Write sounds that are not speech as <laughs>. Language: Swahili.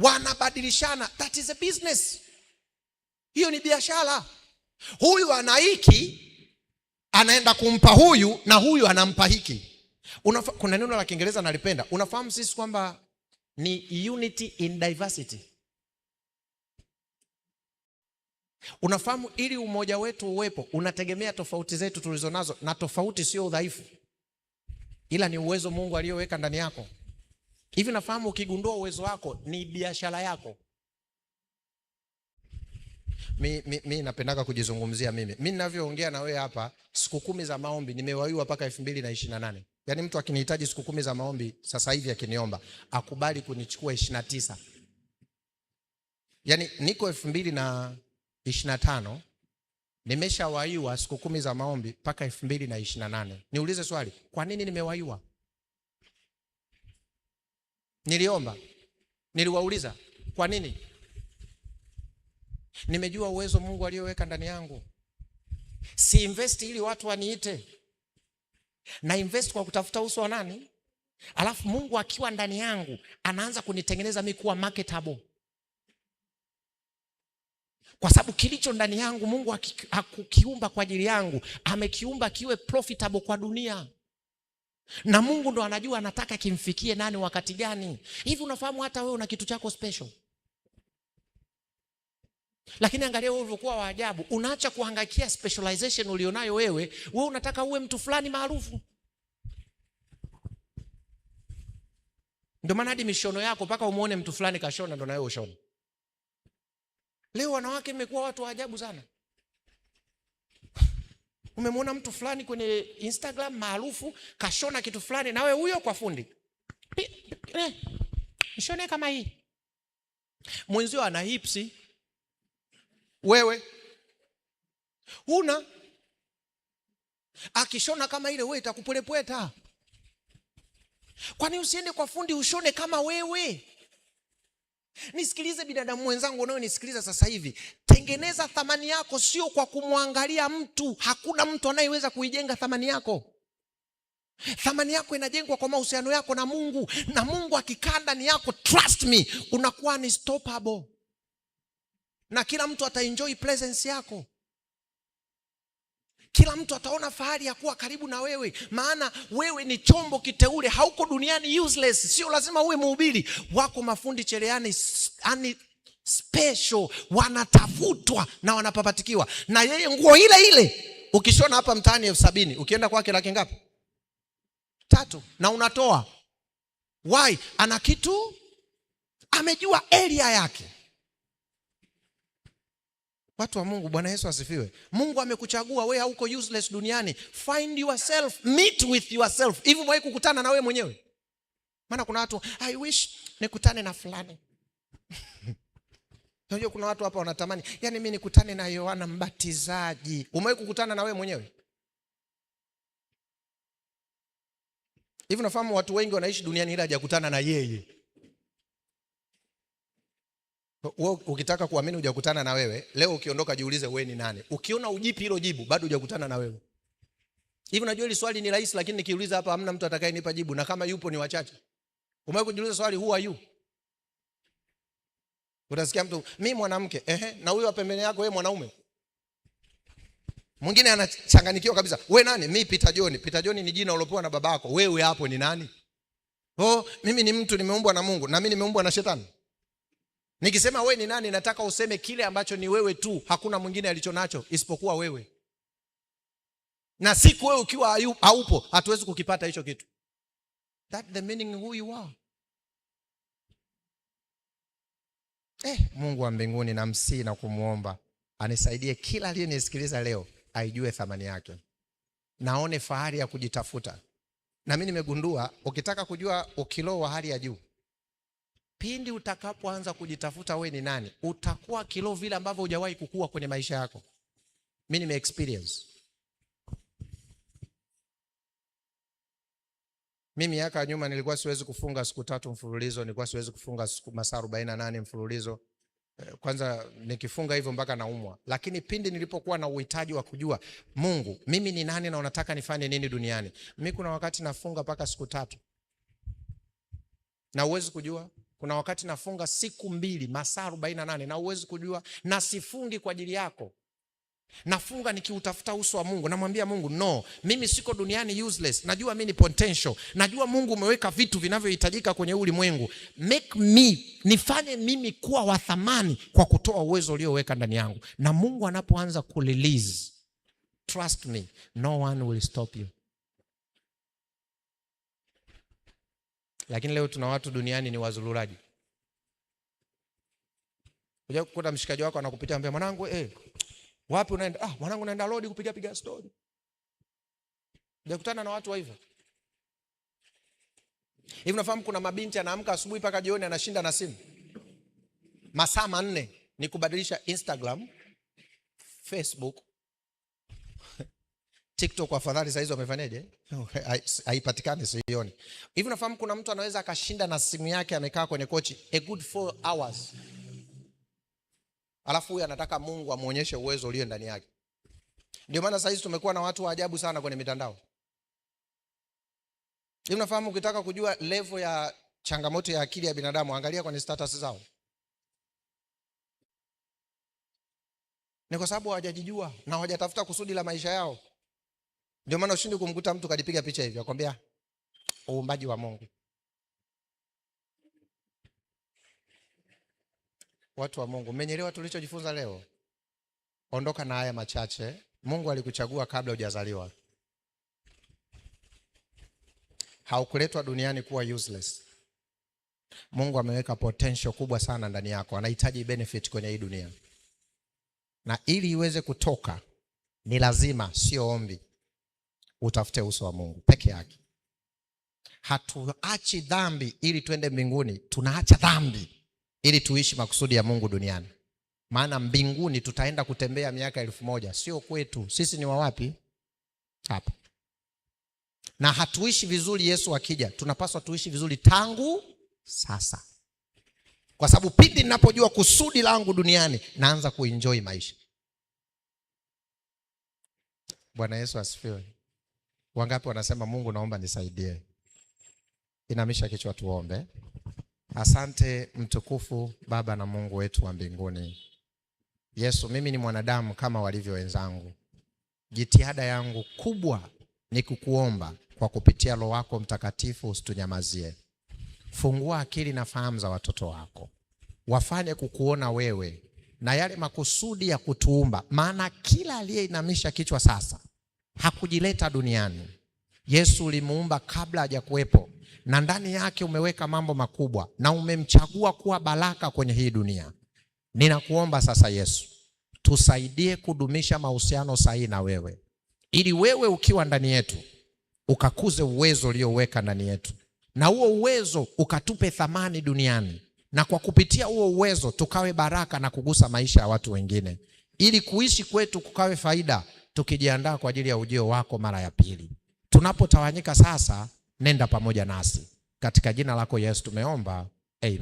wanabadilishana. That is a business, hiyo ni biashara. Huyu ana hiki anaenda kumpa huyu na huyu anampa hiki. Unafa, kuna neno la Kiingereza nalipenda. Unafahamu sisi kwamba ni unity in diversity. Unafahamu, ili umoja wetu uwepo unategemea tofauti zetu tulizonazo, na tofauti sio udhaifu, ila ni uwezo Mungu aliyoweka ndani yako. Hivi nafahamu ukigundua uwezo wako ni biashara yako. Mi, mi, mi napendaga kujizungumzia mimi. Mi ninavyoongea na wewe hapa, siku kumi za maombi nimewaiwa mpaka elfu mbili na ishirini na nane. Yaani mtu akinihitaji siku kumi za maombi sasa hivi akiniomba akubali kunichukua ishirini na tisa. Yaani niko elfu mbili na ishirini na tano nimeshawaiwa siku kumi za maombi mpaka elfu mbili na ishirini na nane. Niulize swali, kwa nini nimewaiwa? Niliomba, niliwauliza kwa nini. Nimejua uwezo Mungu aliyoweka ndani yangu, si invest ili watu waniite, na invest kwa kutafuta uso wa nani, alafu Mungu akiwa ndani yangu anaanza kunitengeneza mimi kuwa marketable kwa sababu kilicho ndani yangu Mungu akukiumba kwa ajili yangu, amekiumba kiwe profitable kwa dunia na Mungu ndo anajua anataka kimfikie nani wakati gani. Hivi unafahamu hata wewe una kitu chako special, lakini angalia wewe ulivyokuwa wa ajabu. Unaacha kuhangaikia specialization ulionayo wewe, wewe unataka uwe mtu fulani maarufu. Ndio maana hadi mishono yako mpaka umwone mtu fulani kashona, ndo nawe ushona. Leo wanawake mmekuwa watu wa ajabu sana. Umemwona mtu fulani kwenye Instagram maarufu kashona kitu fulani, nawe huyo kwa fundi mshone eh, kama hii, mwenzio ana hipsi, wewe huna. Akishona kama ile, wee itakupwelepweta Kwani usiende kwa fundi ushone kama wewe? nisikilize binadamu mwenzangu unayonisikiliza sasa hivi tengeneza thamani yako sio kwa kumwangalia mtu hakuna mtu anayeweza kuijenga thamani yako thamani yako inajengwa kwa mahusiano yako na mungu na mungu akikaa ndani yako trust me unakuwa unstoppable na kila mtu ataenjoy presence yako kila mtu ataona fahari ya kuwa karibu na wewe, maana wewe ni chombo kiteule, hauko duniani useless. Sio lazima uwe mhubiri. Wako mafundi cherehani ani special, wanatafutwa na wanapapatikiwa, na yeye nguo ile ile ukishona hapa mtaani elfu sabini ukienda kwake laki ngapi? Tatu. Na unatoa why? Ana kitu amejua area yake. Watu wa Mungu, Bwana Yesu asifiwe. Mungu amekuchagua wee hauko useless duniani. Find yourself, meet with yourself. Hivi mwai kukutana na wee mwenyewe? Maana kuna watu I wish nikutane na fulani. <laughs> najua kuna watu hapa wanatamani, yaani mi nikutane na Yohana Mbatizaji. umewai kukutana na wee mwenyewe? Hivi unafahamu watu wengi wanaishi duniani ila hajakutana na yeye. Wewe ukitaka kuamini hujakutana na wewe. Leo ukiondoka jiulize wewe ni nani? Ukiona ujipi hilo jibu bado hujakutana na wewe. Hivi najua hili swali ni rahisi lakini nikiuliza hapa hamna mtu atakayenipa jibu na kama yupo ni wachache. Umewahi kujiuliza swali who are you? Utasikia mtu mimi mwanamke, ehe, na huyo pembeni yako wewe mwanaume. Mwingine anachanganyikiwa kabisa. Wewe nani? Mimi Peter John. Peter John ni jina ulopewa na babako. Wewe hapo ni nani? Oh, mimi ni mtu nimeumbwa na Mungu na mimi nimeumbwa na shetani. Nikisema we ni nani, nataka useme kile ambacho ni wewe tu, hakuna mwingine alicho nacho isipokuwa wewe. Na siku wewe ukiwa haupo, hatuwezi kukipata hicho kitu. That the meaning who you are. Eh, Mungu wa mbinguni namsihi na kumwomba anisaidie kila aliyenisikiliza leo aijue thamani yake, naone fahari ya kujitafuta. Na mimi nimegundua ukitaka kujua ukiloo wa hali ya juu Pindi utakapoanza kujitafuta we ni nani, utakuwa kilo vile ambavyo hujawahi kukua kwenye maisha yako. Mimi nime experience mimi miaka ya nyuma nilikuwa siwezi kufunga siku tatu mfululizo, nilikuwa siwezi kufunga siku masaa 48 mfululizo. Eh, kwanza nikifunga hivyo mpaka naumwa. Lakini pindi nilipokuwa na uhitaji wa kujua Mungu, mimi ni nani na unataka nifanye nini duniani, mimi kuna wakati nafunga mpaka siku tatu na uwezi kujua kuna wakati nafunga siku mbili masaa arobaini na nane na uwezi kujua, na sifungi kwa ajili yako. Nafunga nikiutafuta uso wa Mungu, namwambia Mungu no, mimi siko duniani useless. Najua mi ni potential, najua Mungu umeweka vitu vinavyohitajika kwenye ulimwengu. Make me, nifanye mimi kuwa wa thamani kwa kutoa uwezo ulioweka ndani yangu. Na Mungu anapoanza kurelease, trust me, no one will stop you. Lakini leo tuna watu duniani ni wazururaji. Unajua kukuta mshikaji wako anakupitia anambia mwanangu, eh, wapi unaenda? Ah, mwanangu naenda road kupiga piga story. Unakutana na watu wa hivyo. Hivi unafahamu kuna mabinti anaamka asubuhi mpaka jioni anashinda na simu. Masaa manne ni kubadilisha Instagram, Facebook, TikTok afadhali saizi wamefanyaje? <laughs> Haipatikani, sioni. Hivi nafahamu kuna mtu anaweza akashinda na simu yake amekaa kwenye kochi a good four hours, alafu huyu anataka Mungu amwonyeshe uwezo ulio ndani yake. Ndio maana saizi tumekuwa na watu wa ajabu sana kwenye mitandao. Hivi nafahamu ukitaka kujua levo ya changamoto ya akili ya binadamu, angalia kwenye status zao. Ni kwa sababu hawajajijua na hawajatafuta kusudi la maisha yao. Ndio maana ushindi kumkuta mtu kalipiga picha hivyo akwambia uumbaji wa Mungu. Watu wa Mungu, mmenyelewa tulichojifunza leo? Ondoka na haya machache. Mungu alikuchagua kabla hujazaliwa. Haukuletwa duniani kuwa useless. Mungu ameweka potential kubwa sana ndani yako, anahitaji benefit kwenye hii dunia, na ili iweze kutoka ni lazima, sio ombi utafute uso wa Mungu peke yake. Hatuachi dhambi ili tuende mbinguni, tunaacha dhambi ili tuishi makusudi ya Mungu duniani. Maana mbinguni tutaenda kutembea miaka elfu moja, sio kwetu. Sisi ni wawapi? Hapa. Na hatuishi vizuri Yesu akija, tunapaswa tuishi vizuri tangu sasa, kwa sababu pindi ninapojua kusudi langu duniani naanza kuenjoi maisha. Bwana Yesu asifiwe. Wangapi wanasema Mungu naomba nisaidie? Inamisha kichwa tuombe. Asante mtukufu Baba na Mungu wetu wa mbinguni. Yesu, mimi ni mwanadamu kama walivyo wenzangu. Jitihada yangu kubwa ni kukuomba kwa kupitia Roho wako Mtakatifu, usitunyamazie. Fungua akili na fahamu za watoto wako, wafanye kukuona wewe na yale makusudi ya kutuumba, maana kila aliyeinamisha kichwa sasa hakujileta duniani. Yesu ulimuumba kabla hajakuwepo na ndani yake umeweka mambo makubwa na umemchagua kuwa baraka kwenye hii dunia. Ninakuomba sasa Yesu, tusaidie kudumisha mahusiano sahihi na wewe, ili wewe ukiwa ndani yetu ukakuze uwezo ulioweka ndani yetu, na huo uwezo ukatupe thamani duniani, na kwa kupitia huo uwezo tukawe baraka na kugusa maisha ya watu wengine, ili kuishi kwetu kukawe faida tukijiandaa kwa ajili ya ujio wako mara ya pili. Tunapotawanyika sasa, nenda pamoja nasi katika jina lako Yesu tumeomba, amen.